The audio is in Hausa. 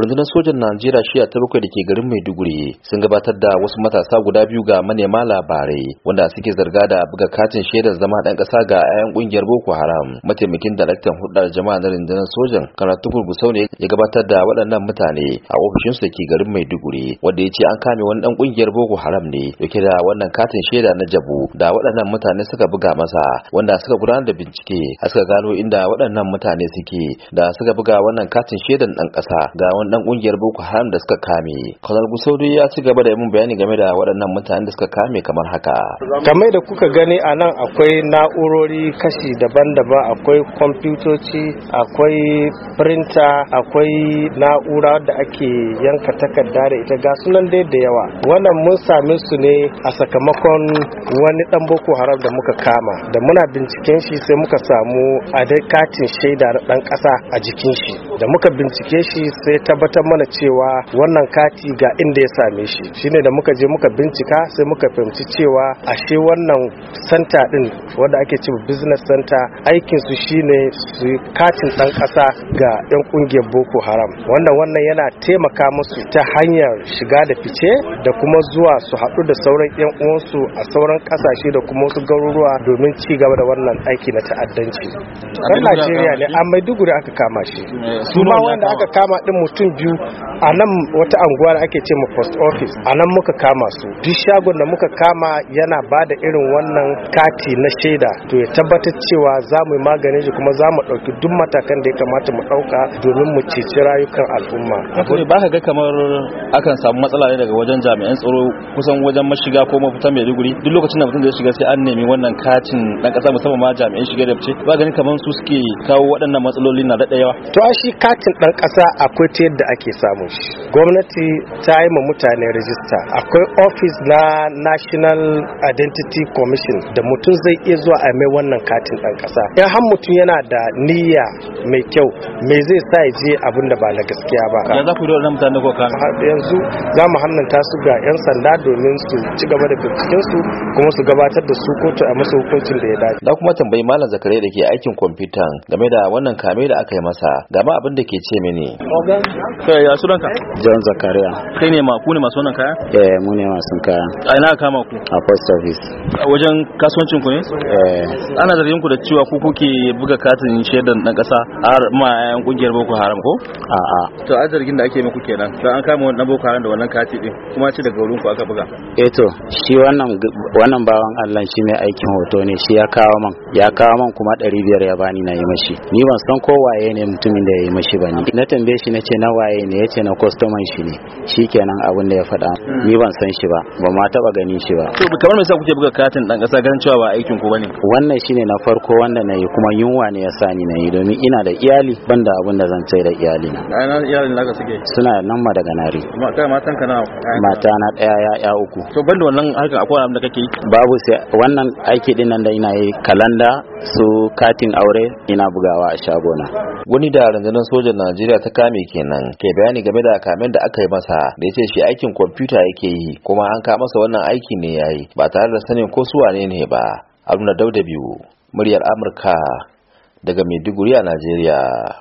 rundunar sojan najeriya shiya ta bakwai da ke garin maiduguri sun gabatar da wasu matasa guda biyu ga manema labarai wanda suke zarga da buga katin shaidar zama dan kasa ga 'ya'yan kungiyar boko haram mataimakin daraktan hudar jama'a na rundunar sojan karatu gurgusau ne ya gabatar da waɗannan mutane a ofishinsu da ke garin maiduguri wanda ya ce an kame wani dan kungiyar boko haram ne dauke da wannan katin shaida na jabu da waɗannan mutane suka buga masa wanda suka gudanar da bincike a suka gano inda waɗannan mutane suke da suka buga wannan katin shaidan dan ƙasa ga waɗannan dan ƙungiyar Boko Haram da suka kame. Kwazar Gusaudu ya ci gaba da yi mun bayani game da waɗannan mutanen da suka kame kamar haka. Kamar da kuka gani a nan akwai na'urori kashi daban-daban akwai kwamfutoci akwai printa akwai na'ura da ake yanka takarda da ita ga sunan dai da yawa. Wannan mun same su ne a sakamakon wani ɗan Boko Haram da muka kama da muna binciken shi sai muka samu adai katin shaida na ɗan ƙasa a jikin shi da muka bincike shi sai ta tabbatar mana cewa wannan kati ga inda ya same shi shine da muka je muka bincika sai muka fahimci cewa ashe wannan santa din wanda ake cewa business center aikin su shine su katin dan kasa ga yan kungiyar boko haram wannan wannan yana taimaka musu ta hanyar shiga da fice da kuma zuwa su haɗu da sauran yan uwansu a sauran kasashe da kuma wasu garuruwa domin ci gaba da wannan aiki na ta'addanci dan Najeriya ne a Maiduguri aka kama shi eh, su ma wanda aka kama din mutum mutum biyu a nan wata anguwa da ake ce ma post office a nan muka kama su duk shagon da muka kama yana ba da irin wannan kati na shaida to ya tabbatar cewa za mu yi maganin shi kuma za mu ɗauki duk matakan da ya kamata mu ɗauka domin mu ceci rayukan al'umma. ba ka ga kamar akan samu matsala ne daga wajen jami'an tsaro kusan wajen mashiga ko mai maiduguri duk lokacin da mutum zai shiga sai an nemi wannan katin ɗan ƙasa musamman ma jami'an shiga da fice ba ganin kamar su suke kawo waɗannan matsaloli na da yawa. to a shi katin ɗan ƙasa akwai ta yadda ake samun shi gwamnati ta yi ma mutane rijista. akwai ofis na national identity commission da mutum zai iya zuwa a mai wannan katin ɗan ƙasa in har mutum yana da niyya mai kyau me zai sa ya je abin da ba na gaskiya ba yanzu za mu hannunta su ga yan sanda domin su ci gaba da binciken su kuma su gabatar da su kotu a masu hukuncin da ya dace na kuma tambayi malam zakarai da ke aikin kwamfutan game da wannan kame da aka yi masa game abin da ke ce mini kai ya sunan ka John Zakaria kai ne ma ku ne masu wannan kaya eh mu ne masu kaya a ina ka ma ku a post service. a wajen kasuwancin ku ne eh ana zargin ku da cewa ku kuke buga katin shedan dan kasa har ma yan kungiyar Boko Haram ko a a to a zargin da ake muku kenan dan an kama wannan Boko Haram da wannan kati din kuma ce daga wurin ku aka buga eh to shi wannan wannan bawan Allah shi ne aikin hoto ne shi ya kawo man ya kawo man kuma 500 ya bani na yi mashi ni ban san ko waye ne mutumin da ya yi mashi bane na tambaye shi na na na waye ne yace na kwastoman shi ne kenan abin da ya faɗa ni ban san shi ba ba ma taɓa gani shi ba to kamar me yasa kuke buga katin dan ƙasa ganin cewa ba aikin ku bane wannan shine na farko wanda na yi kuma yunwa ne ya sa ni na yi domin ina da iyali ban da abin da zan sai da iyali na ina iyalin ga suke suna nan ma daga nare matan ka na mata na daya ya ya uku to banda wannan harkar akwai abin da kake yi babu sai wannan aiki din nan da ina yi kalanda su katin aure ina bugawa a shagona wani da rundunar sojan Najeriya ta kame kenan kenan ke bayani game da kamen da aka yi masa da ya ce shi aikin kwamfuta yake yi kuma an ka masa wannan aiki ne yayi ba tare da sanin ko su wane ne ba haruna dauda biyu muryar amurka daga maiduguri a najeriya